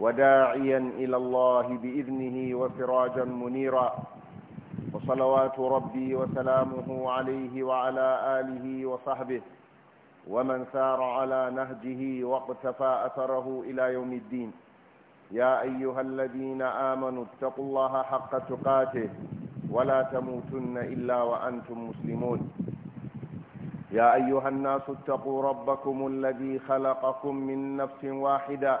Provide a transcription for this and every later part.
وداعيا إلى الله بإذنه وسراجا منيرا وصلوات ربي وسلامه عليه وعلى آله وصحبه ومن سار على نهجه واقتفى أثره إلى يوم الدين يا أيها الذين آمنوا اتقوا الله حق تقاته ولا تموتن إلا وأنتم مسلمون يا أيها الناس اتقوا ربكم الذي خلقكم من نفس واحدة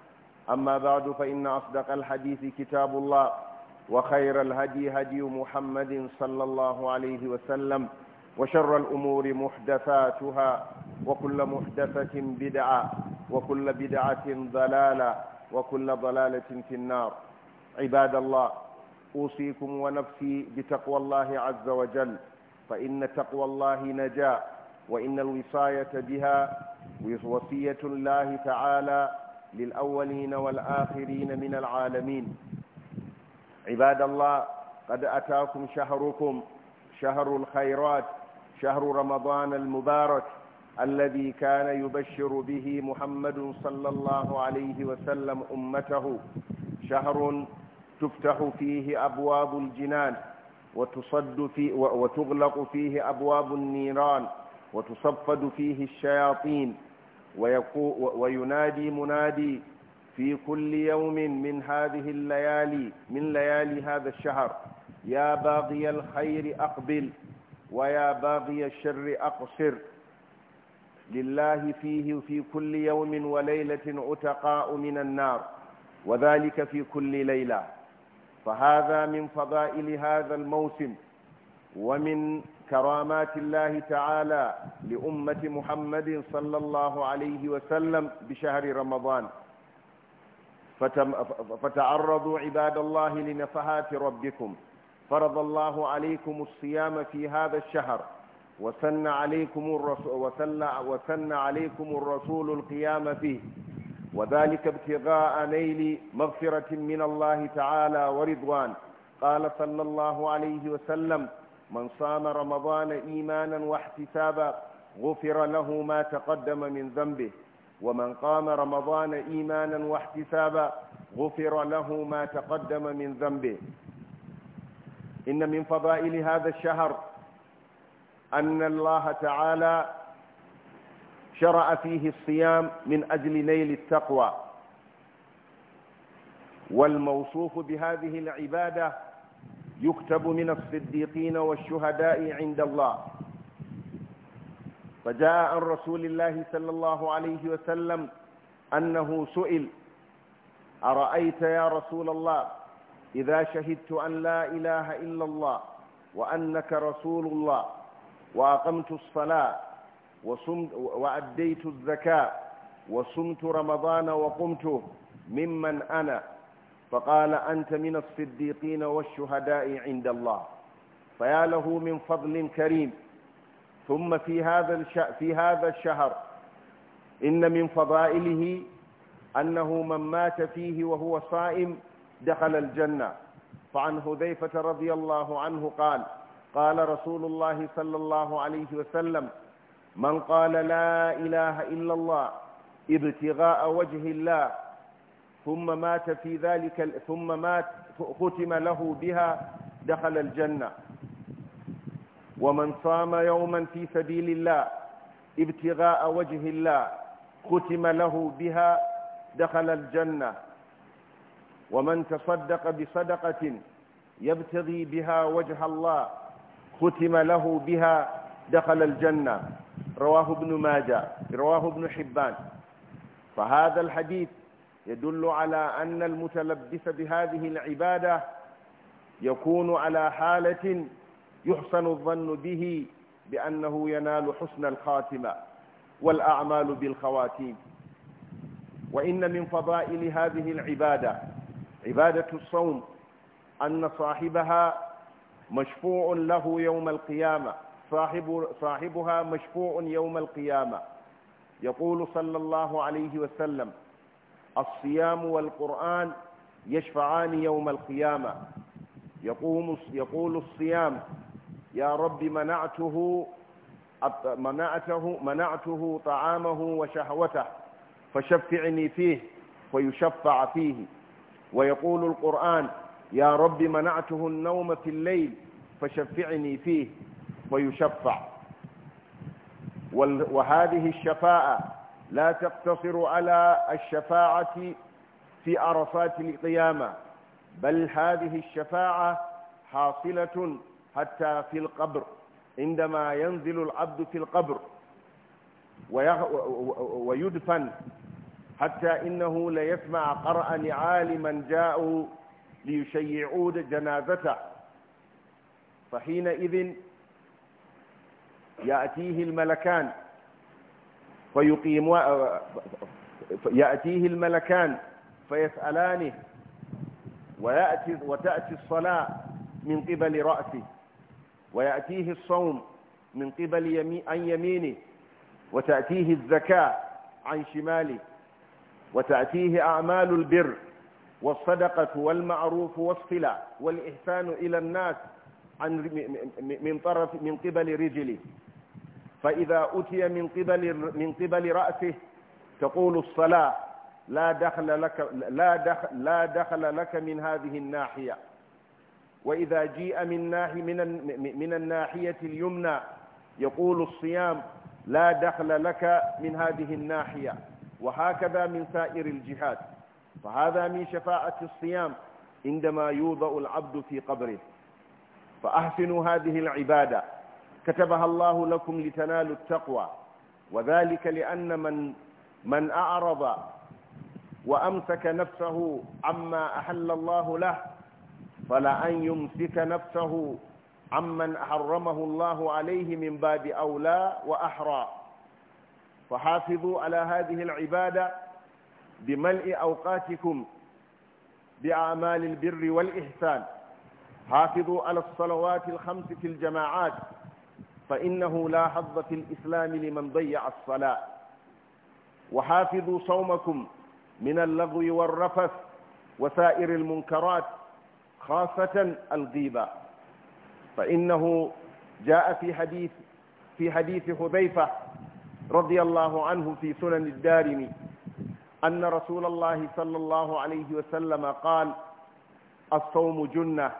أما بعد فإن أصدق الحديث كتاب الله وخير الهدي هدي محمد صلى الله عليه وسلم وشر الأمور محدثاتها وكل محدثة بدعة وكل بدعة ضلالة وكل ضلالة في النار عباد الله أوصيكم ونفسي بتقوى الله عز وجل فإن تقوى الله نجاة وإن الوصاية بها وصية الله تعالى للأولين والآخرين من العالمين عباد الله قد أتاكم شهركم شهر الخيرات شهر رمضان المبارك الذي كان يبشر به محمد صلى الله عليه وسلم أمته شهر تفتح فيه أبواب الجنان وتصد في وتغلق فيه أبواب النيران وتصفد فيه الشياطين وينادي منادي في كل يوم من هذه الليالي من ليالي هذا الشهر يا باغي الخير أقبل ويا باغي الشر أقصر لله فيه في كل يوم وليلة عتقاء من النار وذلك في كل ليلة فهذا من فضائل هذا الموسم ومن كرامات الله تعالى لأمة محمد صلى الله عليه وسلم بشهر رمضان فتعرضوا عباد الله لنفحات ربكم فرض الله عليكم الصيام في هذا الشهر وسن عليكم الرسول وسن, وسن عليكم الرسول القيام فيه وذلك ابتغاء نيل مغفرة من الله تعالى ورضوان قال صلى الله عليه وسلم من صام رمضان إيمانا واحتسابا غفر له ما تقدم من ذنبه ومن قام رمضان إيمانا واحتسابا غفر له ما تقدم من ذنبه إن من فضائل هذا الشهر أن الله تعالى شرع فيه الصيام من أجل نيل التقوى والموصوف بهذه العبادة يكتب من الصديقين والشهداء عند الله فجاء عن رسول الله صلى الله عليه وسلم أنه سئل أرأيت يا رسول الله إذا شهدت أن لا إله إلا الله وأنك رسول الله وأقمت الصلاة وأديت الزكاة وصمت رمضان وقمته ممن أنا فقال أنت من الصديقين والشهداء عند الله فيا له من فضل كريم ثم في هذا في هذا الشهر إن من فضائله أنه من مات فيه وهو صائم دخل الجنة فعن هذيفة رضي الله عنه قال قال رسول الله صلى الله عليه وسلم من قال لا إله إلا الله ابتغاء وجه الله ثم مات في ذلك ثم مات ختم له بها دخل الجنة ومن صام يوما في سبيل الله ابتغاء وجه الله ختم له بها دخل الجنة ومن تصدق بصدقة يبتغي بها وجه الله ختم له بها دخل الجنة رواه ابن ماجه رواه ابن حبان فهذا الحديث يدل على أن المتلبس بهذه العبادة يكون على حالة يحسن الظن به بأنه ينال حسن الخاتمة والأعمال بالخواتيم وإن من فضائل هذه العبادة عبادة الصوم أن صاحبها مشفوع له يوم القيامة صاحب صاحبها مشفوع يوم القيامة يقول صلى الله عليه وسلم الصيام والقرآن يشفعان يوم القيامة يقوم يقول الصيام يا رب منعته منعته منعته طعامه وشهوته فشفعني فيه ويشفع فيه ويقول القرآن يا رب منعته النوم في الليل فشفعني فيه ويشفع وهذه الشفاعة لا تقتصر على الشفاعة في عرفات القيامة بل هذه الشفاعة حاصلة حتى في القبر عندما ينزل العبد في القبر ويدفن حتى إنه ليسمع قرأ نعال من جاءوا ليشيعون جنازته فحينئذ يأتيه الملكان فيقيم يأتيه الملكان فيسألانه ويأتي وتأتي الصلاة من قبل رأسه ويأتيه الصوم من قبل عن يمينه وتأتيه الزكاة عن شماله وتأتيه أعمال البر والصدقة والمعروف والصلة والإحسان إلى الناس عن من طرف من قبل رجله فإذا أتي من قبل من قبل رأسه تقول الصلاة لا دخل لك لا دخل لا دخل لك من هذه الناحية وإذا جيء من ناحية من من الناحية اليمنى يقول الصيام لا دخل لك من هذه الناحية وهكذا من سائر الجهات فهذا من شفاعة الصيام عندما يوضع العبد في قبره فأحسنوا هذه العبادة كتبها الله لكم لتنالوا التقوى وذلك لأن من من أعرض وأمسك نفسه عما أحل الله له فلا أن يمسك نفسه عمن حرمه الله عليه من باب أولى وأحرى فحافظوا على هذه العبادة بملء أوقاتكم بأعمال البر والإحسان حافظوا على الصلوات الخمس في الجماعات فإنه لا حظ في الإسلام لمن ضيع الصلاة وحافظوا صومكم من اللغو والرفث وسائر المنكرات خاصة الغيبة فإنه جاء في حديث في حديث حذيفة رضي الله عنه في سنن الدارمي أن رسول الله صلى الله عليه وسلم قال الصوم جنة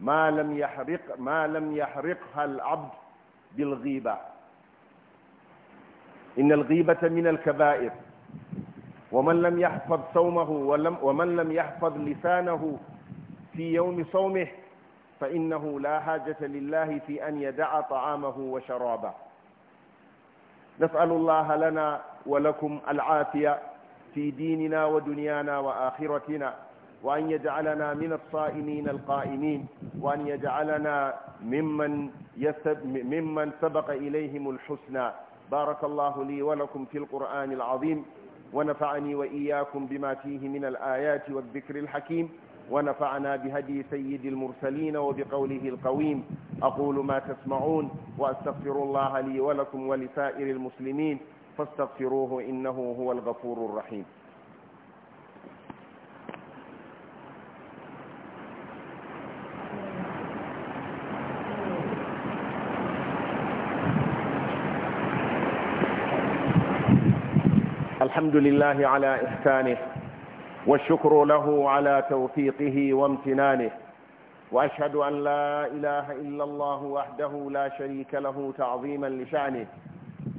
ما لم يحرق ما لم يحرقها العبد بالغيبة إن الغيبة من الكبائر ومن لم يحفظ صومه ولم ومن لم يحفظ لسانه في يوم صومه فإنه لا حاجة لله في أن يدع طعامه وشرابه نسأل الله لنا ولكم العافية في ديننا ودنيانا وآخرتنا وأن يجعلنا من الصائمين القائمين وأن يجعلنا ممن, يسب ممن سبق إليهم الحسنى بارك الله لي ولكم في القرآن العظيم ونفعني وإياكم بما فيه من الآيات والذكر الحكيم ونفعنا بهدي سيد المرسلين وبقوله القويم أقول ما تسمعون وأستغفر الله لي ولكم ولسائر المسلمين فاستغفروه إنه هو الغفور الرحيم الحمد لله على إحسانه والشكر له على توفيقه وامتنانه وأشهد أن لا إله إلا الله وحده لا شريك له تعظيما لشأنه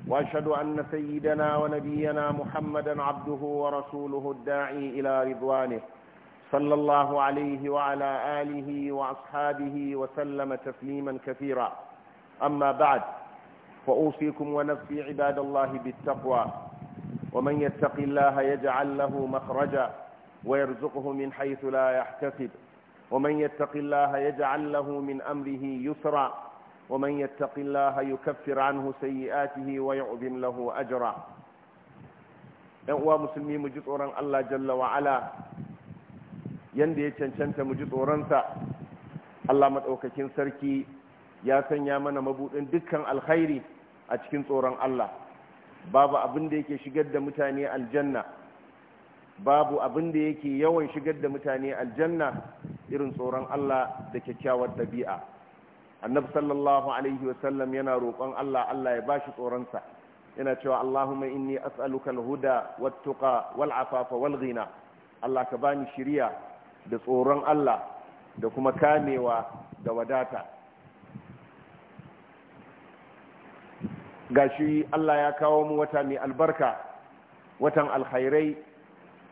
وأشهد أن سيدنا ونبينا محمدا عبده ورسوله الداعي إلى رضوانه صلى الله عليه وعلى آله وأصحابه وسلم تسليما كثيرا أما بعد فأوصيكم ونفسي عباد الله بالتقوى ومن يتق الله يجعل له مخرجا ويرزقه من حيث لا يحتسب ومن يتق الله يجعل له من امره يسرا ومن يتق الله يكفر عنه سيئاته ويعظم له اجرا يقوى مسلمي مجطورا الله جل وعلا يندي تنشنت مجطورا الله مدعوك سركي يا سنيا من مبوط دكا الخير اتشكن صورا الله babu abin da yake shigar da mutane aljanna babu abin da yake yawan shigar da mutane aljanna irin tsoron Allah da kyakkyawar dabi'a Annabi sallallahu alaihi wasallam yana roƙon Allah Allah ya bashi tsoronsa yana cewa Allahumma inni as'aluka al-huda wat-tuqa wal-afafa wal-ghina Allah ka bani shiriya da tsoron Allah da kuma kamewa da wadata gashi Allah ya kawo mu wata mai albarka watan alkhairai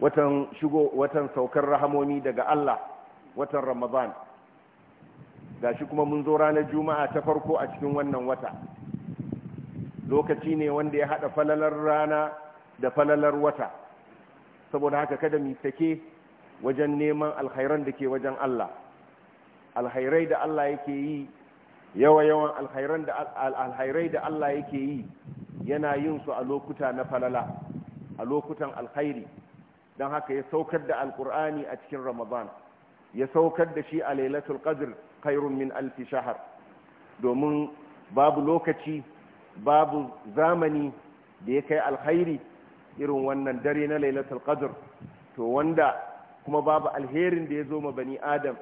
watan shigo watan saukar rahamomi daga Allah watan Ramadan gashi kuma mun zo ranar juma'a ta farko a cikin wannan wata lokaci ne wanda ya hada falalar rana da falalar wata saboda haka kada mu take wajen neman alkhairan da ke wajen Allah alkhairai da Allah yake yi yawa yawan alhairai da Allah yake yi yana yin su a lokuta na falala a lokutan alkhairi don haka ya saukar da alkur'ani a cikin ramadan ya saukar da shi a lailatul qadr khairun min alfi shahar domin babu lokaci babu zamani da ya kai alkhairi irin wannan dare na lailatul qadr to wanda kuma babu alherin da ya zo ma bani adam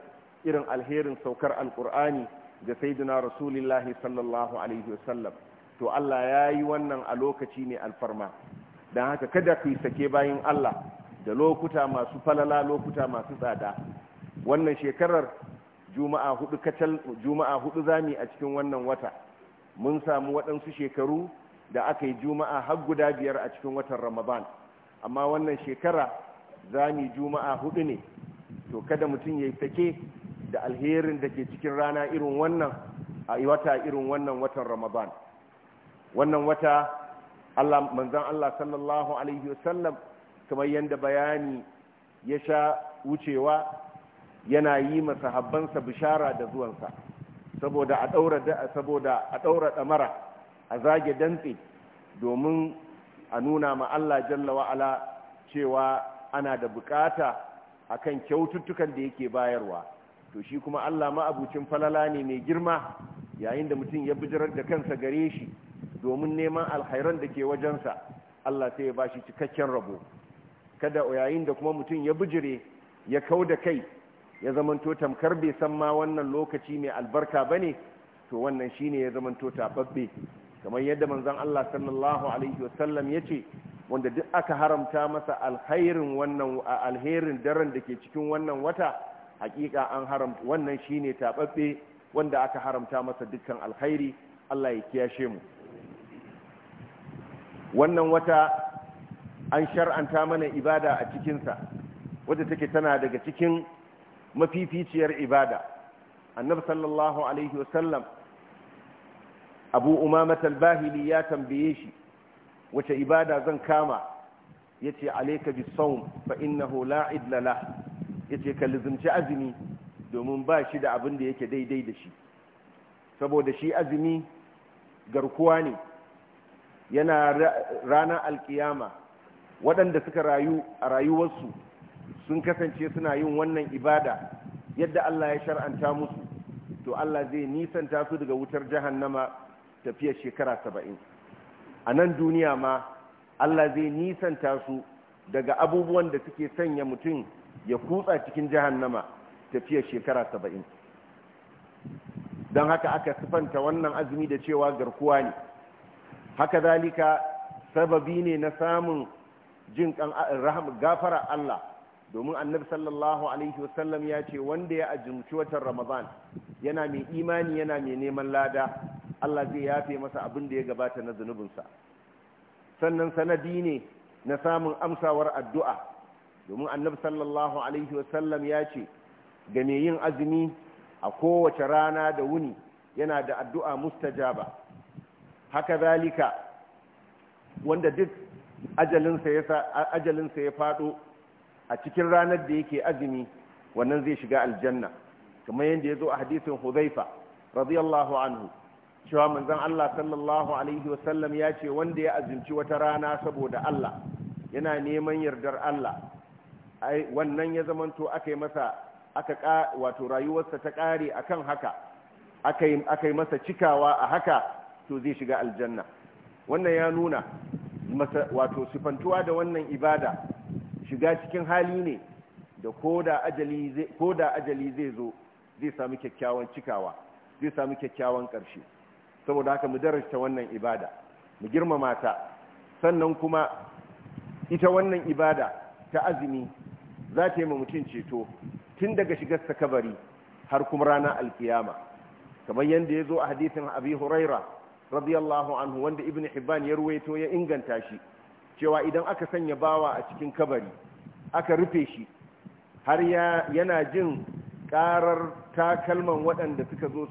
irin alherin saukar alkur'ani da saiduna rasulillahi sallallahu alaihi wasallam to Allah ya yi wannan a lokaci ne alfarma don haka kada ku sake bayan Allah da lokuta masu falala lokuta masu tsada wannan shekarar juma'a hudu kacal juma'a hudu zami a cikin wannan wata mun samu waɗansu shekaru da aka yi juma'a har guda biyar a cikin watan ramadan amma wannan shekara zami juma'a hudu ne to kada mutum ya yi sake da alherin da ke cikin rana irin wannan a wata irin wannan watan ramadan wannan wata Allah manzon Allah sallallahu alaihi wasallam kamar yadda bayani ya sha wucewa yana yi masahabbansa bishara da zuwansa saboda a daura saboda a daura damara a zage dantse domin a nuna ma Allah jalla wa'ala cewa ana da bukata akan kyaututtukan da yake bayarwa to shi kuma Allah ma'abucin falala ne mai girma yayin da mutum ya bijirar da kansa gare shi domin neman alhairan da ke wajensa Allah sai ya ba shi cikakken rabo kada yayin da kuma mutum ya bijire ya kau da kai ya zamanto tamkar bai san ma wannan lokaci mai albarka ba ne to wannan ne ya zamanto tababbe kamar yadda manzon Allah sallallahu alaihi wasallam ya ce wanda duk aka haramta masa alhairin wannan alherin daren da ke cikin wannan wata hakika an haram wannan shine tababbe wanda aka haramta masa dukkan alkhairi Allah ya kiyashe mu wannan wata an shar'anta mana ibada a cikinsa wadda take tana daga cikin mafificiyar ibada annabi sallallahu alaihi wasallam abu umamat al ya tambaye shi wace ibada zan kama yace alayka bis-sawm fa innahu la idla ya ce ka azumi domin ba shi da abin da yake daidai da shi saboda shi azumi garkuwa ne yana ranar alkiyama waɗanda suka rayu a rayuwarsu sun kasance suna yin wannan ibada yadda Allah ya shar'anta musu to Allah zai nisanta su daga wutar nama tafiyar shekara saba'in a nan duniya ma Allah zai nisanta su daga abubuwan da suke sanya mutum ya kutsa cikin jahannama tafiya shekara saba'in don haka aka sifanta wannan azumi da cewa garkuwa ne haka zalika sababi ne na samun jin kan gafara Allah domin annabi sallallahu alaihi wasallam ya ce wanda ya ajinci watan ramadan yana mai imani yana mai neman lada Allah zai yafe masa abin da ya gabata na zunubinsa sannan sanadi ne na samun amsawar addu'a domin annabi sallallahu alaihi wasallam ya ce ga mai yin azumi a kowace rana da wuni yana da addu'a mustajaba haka zalika wanda duk ajalinsa ya faɗo a cikin ranar da yake azumi wannan zai shiga aljanna kamar yadda ya zo a hadisin huzaifa radiyallahu anhu cewa manzon Allah sallallahu alaihi wasallam ya ce wanda ya azumci wata rana saboda Allah yana neman yardar Allah wannan ya zamanto aka yi masa aka wato rayuwarsa ta kare akan haka aka yi masa cikawa a haka to zai shiga aljanna wannan ya nuna wato sifantuwa da wannan ibada shiga cikin hali ne da koda ajali zai zo zai sami kyakkyawan cikawa zai samu kyakkyawan ƙarshe saboda haka mu darasta wannan ibada mu girmama ta sannan kuma ita wannan ibada ta azumi za ta yi ma mutum ceto tun daga shigarsa kabari har kuma ranar alkiyama kamar yadda ya zo a hadithin abi huraira radiyallahu anhu wanda ibn hibban ya ruwaito ya inganta shi cewa idan aka sanya bawa a cikin kabari aka rufe shi har yana jin karar takalman waɗanda suka zo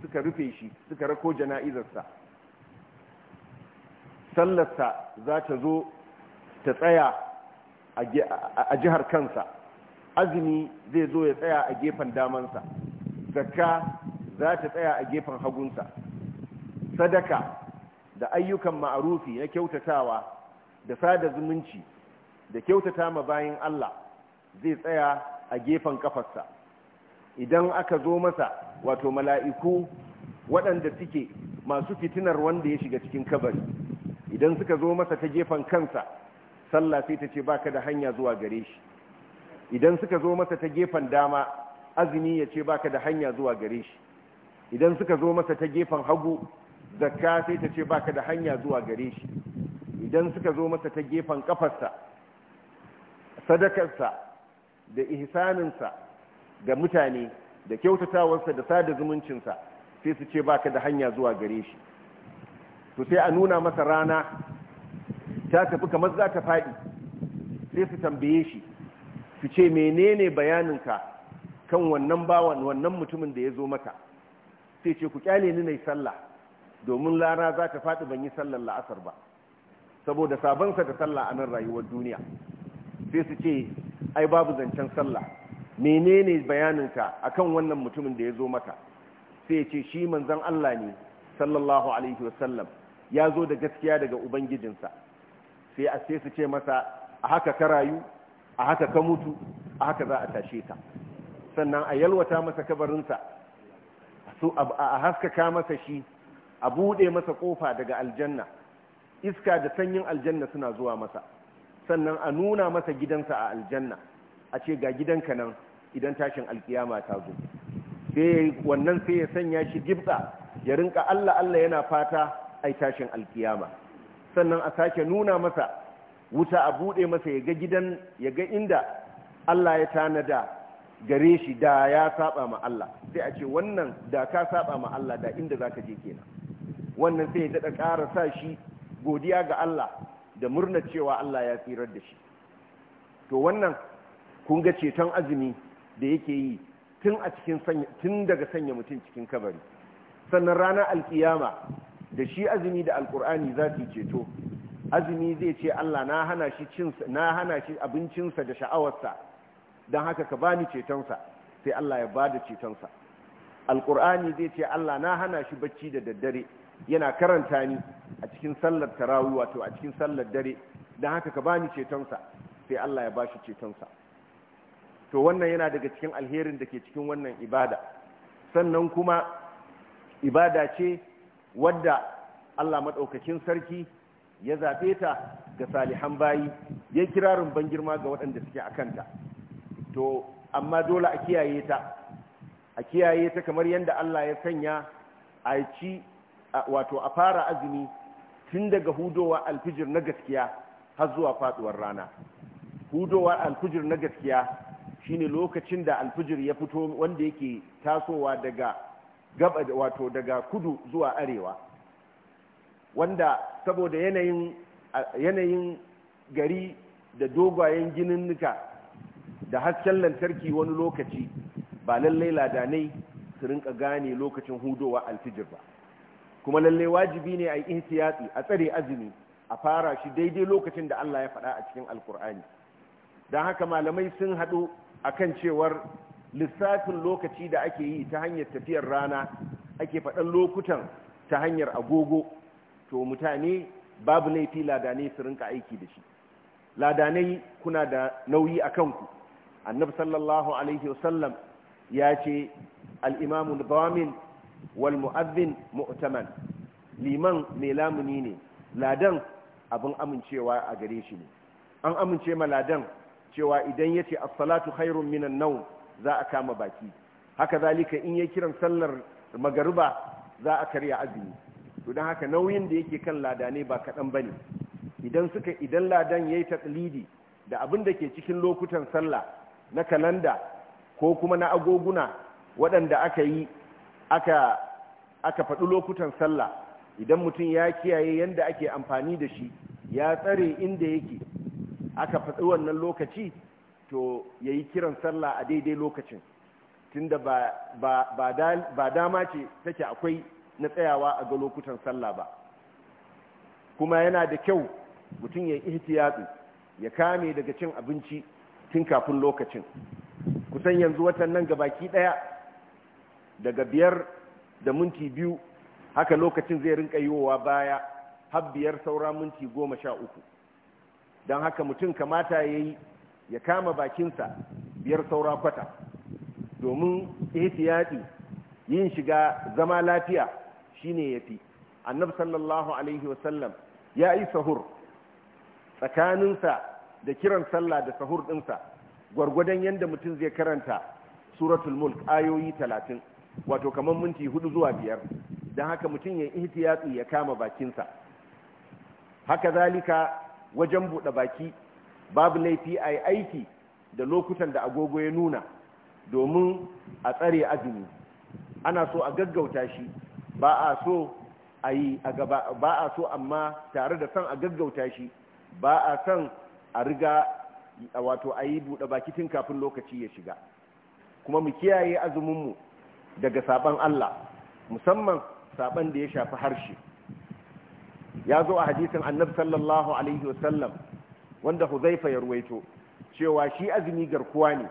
suka rufe shi suka rako jana'izarsa sallarsa za ta zo ta tsaya a jihar kansa azumi zai zo ya tsaya a gefen damansa zakka za ta tsaya a gefen hagunsa sadaka da ayyukan ma'arufi na kyautatawa da sada zumunci da kyautata ma bayan Allah zai tsaya a gefen kafarsa idan aka zo masa wato mala'iku waɗanda suke masu fitinar wanda ya shiga cikin kabari idan suka zo masa ta gefen kansa sallah sai ta ce ka da hanya zuwa gare shi idan suka zo masa ta gefen dama azumi ya ce ka da hanya zuwa gare shi idan suka zo masa ta gefen hagu zakka sai ta ce ka da hanya zuwa gare shi idan suka zo masa ta gefen kafarsa sadakarsa da ihsaninsa ga mutane da kyautatawarsa da sada zumuncinsa sai su ce baka da hanya zuwa gare shi to sai a nuna masa rana ta tafi kamar za ta faɗi sai su tambaye shi su ce menene bayaninka kan wannan bawan wannan mutumin da ya zo maka sai ce ku kyale ni na sallah domin lara za ta faɗi ban yi sallar la'asar ba saboda sabonsa da sallah a nan rayuwar duniya sai su ce ai babu zancen sallah menene bayaninka akan wannan mutumin da ya zo maka sai ce shi manzon Allah ne sallallahu alaihi wasallam ya zo da gaskiya daga ubangijinsa sai a sai su ce masa a haka ka rayu a haka ka mutu a haka za a tashe ka sannan a yalwata masa kabarinsa a haskaka masa shi a buɗe masa ƙofa daga aljanna iska da sanyin aljanna suna zuwa masa sannan a nuna masa gidansa a aljanna a ce ga gidanka nan idan tashin alkiyama ta zo sai wannan sai ya sanya shi gibsa ya rinka Allah Allah yana fata ai tashin alkiyama sannan a sake nuna masa wuta a bude masa ya ga gidan ya ga inda Allah ya tanada gare shi da ya saba ma Allah sai a ce wannan da ka saba ma Allah da inda zaka je kenan wannan sai ya daɗa ƙara sa shi godiya ga Allah da murna cewa Allah ya tsirar da shi to wannan kun ga ceton azumi da yake yi tun a cikin tun daga sanya mutum cikin kabari sannan ranar alkiyama da shi azumi da alkur'ani za su ceto azumi zai ce Allah na hana shi abincinsa da sha'awarsa don haka ka bani cetonsa sai Allah ya bada cetonsa alkur'ani zai ce Allah na hana shi bacci da daddare yana karanta ni a cikin sallar tarawih wato a cikin sallar dare don haka ka bani cetonsa sai Allah ya ba shi cetonsa to wannan yana daga cikin alherin da ke cikin wannan ibada sannan kuma ibada ce wadda Allah maɗaukakin sarki ya zaɓe ta ga salihan bayi ya kirarin ban girma ga waɗanda suke a kanta to amma dole a kiyaye ta a kiyaye ta kamar yadda Allah ya sanya a ci wato a fara azumi tun daga hudowa alfijir na gaskiya har zuwa faduwar rana hudowa alfijir na gaskiya shine lokacin da alfijir ya fito wanda yake tasowa daga gaba wato daga kudu zuwa arewa wanda saboda yanayin gari da dogayen ginin nuka da hasken lantarki wani lokaci ba lallai ladanai su rinka gane lokacin hudowa alfijir ba kuma lallai wajibi ne a yi ihtiyatsi a tsare azumi a fara shi daidai lokacin da Allah ya faɗa a cikin alkur'ani don haka malamai sun haɗu akan cewar lissafin lokaci da ake yi ta hanyar tafiyar rana ake faɗan lokutan ta hanyar agogo to mutane babu laifi ladanai su rinka aiki da shi ladanai kuna da nauyi a kanku annabi sallallahu alaihi wasallam ya ce al'imamu damin wal mu'azzin mu'utaman, liman mai lamuni ne ladan abin amincewa a gare shi ne an amince ma ladan cewa idan ya ce assalatu hairun minan nau. za a kama baki haka zalika in ya kiran sallar magariba za a karya azumi to don haka nauyin da yake kan lada ne ba kaɗan bane idan suka idan ladan yayi yi da abin da ke cikin lokutan sallah na kalanda ko kuma na agoguna waɗanda aka yi aka aka faɗi lokutan sallah idan mutum ya kiyaye yanda ake amfani da shi ya tsare inda yake aka faɗi wannan lokaci to ya yi kiran sallah a daidai lokacin tunda ba dama ce take akwai na tsayawa a ga lokutan sallah ba kuma yana da kyau mutum ya yatsu ya kame daga cin abinci tun kafin lokacin kusan yanzu watan nan gabaki daya daga biyar da minti biyu haka lokacin zai rinka yiwowa baya har biyar saura minti goma sha uku don haka mutum kamata ya yi ya kama bakinsa biyar saura kwata domin ihtiyati yin shiga zama lafiya shine yafi annab sallallahu alaihi wasallam ya yi sahur tsakaninsa da kiran sallah da sahur ɗinsa gwargwadon yadda mutum zai karanta suratul mulk ayoyi talatin wato kamar minti hudu zuwa biyar don haka mutum ya ihtiyatsi ya kama bakinsa haka zalika wajen buɗe baki babu laifi a aiki da lokutan da agogo ya nuna domin a tsare azumi ana so a gaggauta shi ba a so a yi ba a so amma tare da san a gaggauta shi ba a son a riga wato a yi buɗe bakitin kafin lokaci ya shiga kuma mu kiyaye azuminmu daga saban Allah musamman saban da ya shafi harshe ya zo a hadisin annabi sallallahu alaihi wasallam wanda huzaifa ya ruwaito cewa shi azumi garkuwa ne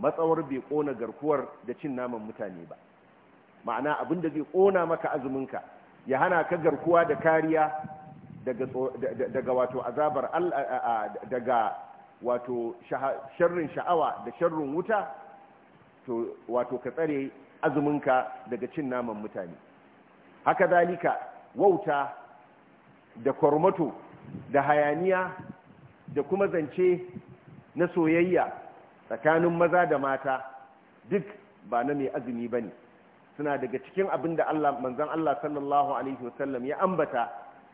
matsawar bai kona garkuwar da cin naman mutane ba ma'ana abin da zai kona maka azuminka ya hana ka garkuwa da kariya daga wato azabar daga wato sharrin sha'awa da sharrin wuta to wato ka tsare azuminka daga cin naman mutane haka zalika wauta da kwarmato da hayaniya da kuma zance na soyayya tsakanin maza da mata duk ba na mai azumi ba ne suna daga cikin abin da Allah manzan Allah sallallahu alaihi wasallam ya ambata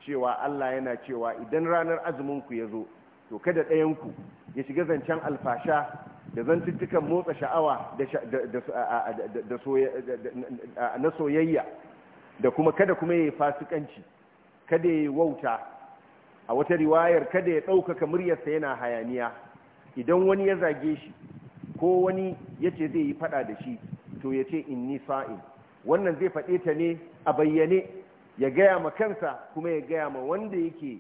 cewa Allah yana cewa idan ranar azuminku ya zo to kada ɗayanku ya shiga zancen alfasha da zantuttukan motsa sha'awa na soyayya da kuma kada kuma ya yi fasikanci kada ya yi wauta a wata riwayar kada ya ɗaukaka muryarsa yana hayaniya idan wani ya zage shi ko wani ya ce zai yi faɗa da shi to ya ce in sa'in wannan zai faɗe ta ne a bayyane ya gaya ma kansa kuma ya gaya ma wanda yake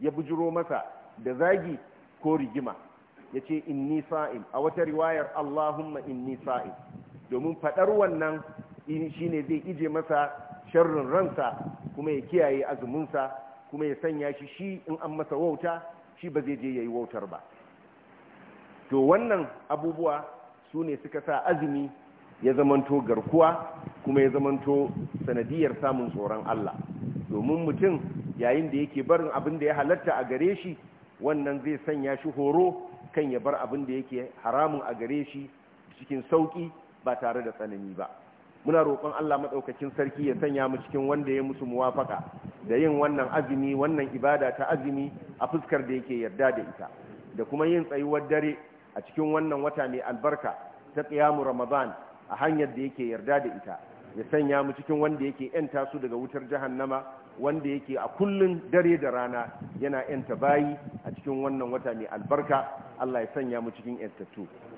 ya bujiro masa da zagi ko rigima ya ce in sa'in a wata riwayar allahumma in sa'in domin faɗar wannan shi ne zai ije masa sharrin ransa kuma ya kiyaye azuminsa kuma ya sanya shi shi in an masa wauta shi ba zai je ya yi wautar ba to wannan abubuwa su ne suka sa azumi ya zamanto garkuwa kuma ya zamanto sanadiyar samun tsoron Allah domin mutum yayin da yake barin abin da ya halatta a gare shi wannan zai sanya shi horo kan ya bar abin da yake haramun a gare shi cikin sauki ba tare da tsanani ba muna roƙon Allah maɗaukakin sarki ya sanya mu cikin wanda ya musu muwafaka da yin wannan azumi wannan ibada ta azumi a fuskar da yake yarda da ita da kuma yin tsayuwar dare a cikin wannan wata mai albarka ta qiyamu ramadan a hanyar da yake yarda da ita ya sanya mu cikin wanda yake yanta su daga wutar jahannama wanda yake a kullun dare da rana yana yanta bayi a cikin wannan wata mai albarka Allah ya sanya mu cikin yantattu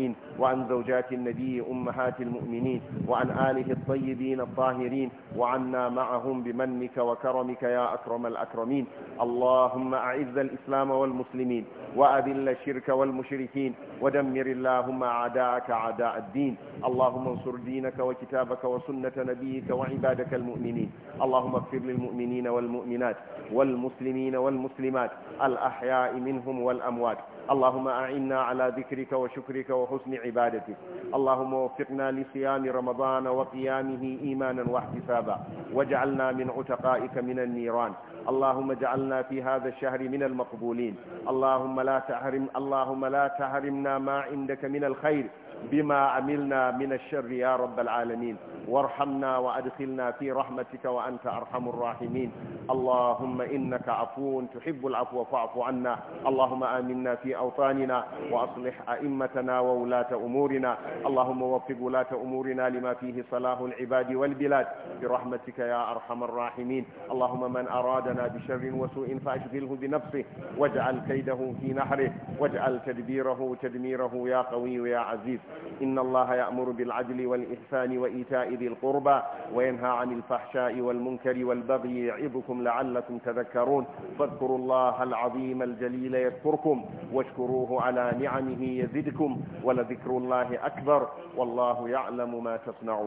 أجمعين وعن زوجات النبي أمهات المؤمنين وعن آله الطيبين الطاهرين وعنا معهم بمنك وكرمك يا أكرم الأكرمين اللهم أعز الإسلام والمسلمين وأذل الشرك والمشركين ودمر اللهم أعداءك أعداء الدين اللهم انصر دينك وكتابك وسنة نبيك وعبادك المؤمنين اللهم اغفر للمؤمنين والمؤمنات والمسلمين والمسلمات الأحياء منهم والأموات اللهم أعنا على ذكرك وشكرك وحسن عبادتك اللهم وفقنا لصيام رمضان وقيامه إيمانا واحتسابا واجعلنا من عتقائك من النيران اللهم اجعلنا في هذا الشهر من المقبولين اللهم لا تحرم اللهم لا تحرمنا ما عندك من الخير بما عملنا من الشر يا رب العالمين وارحمنا وأدخلنا في رحمتك وأنت أرحم الراحمين اللهم إنك عفو تحب العفو فاعف عنا اللهم آمنا في أوطاننا وأصلح أئمتنا وولاة أمورنا اللهم وفق ولاة أمورنا لما فيه صلاح العباد والبلاد برحمتك يا أرحم الراحمين اللهم من أراد أرادنا بشر وسوء فأشغله بنفسه واجعل كيده في نحره واجعل تدبيره تدميره يا قوي يا عزيز إن الله يأمر بالعدل والإحسان وإيتاء ذي القربى وينهى عن الفحشاء والمنكر والبغي يعظكم لعلكم تذكرون فاذكروا الله العظيم الجليل يذكركم واشكروه على نعمه يزدكم ولذكر الله أكبر والله يعلم ما تصنعون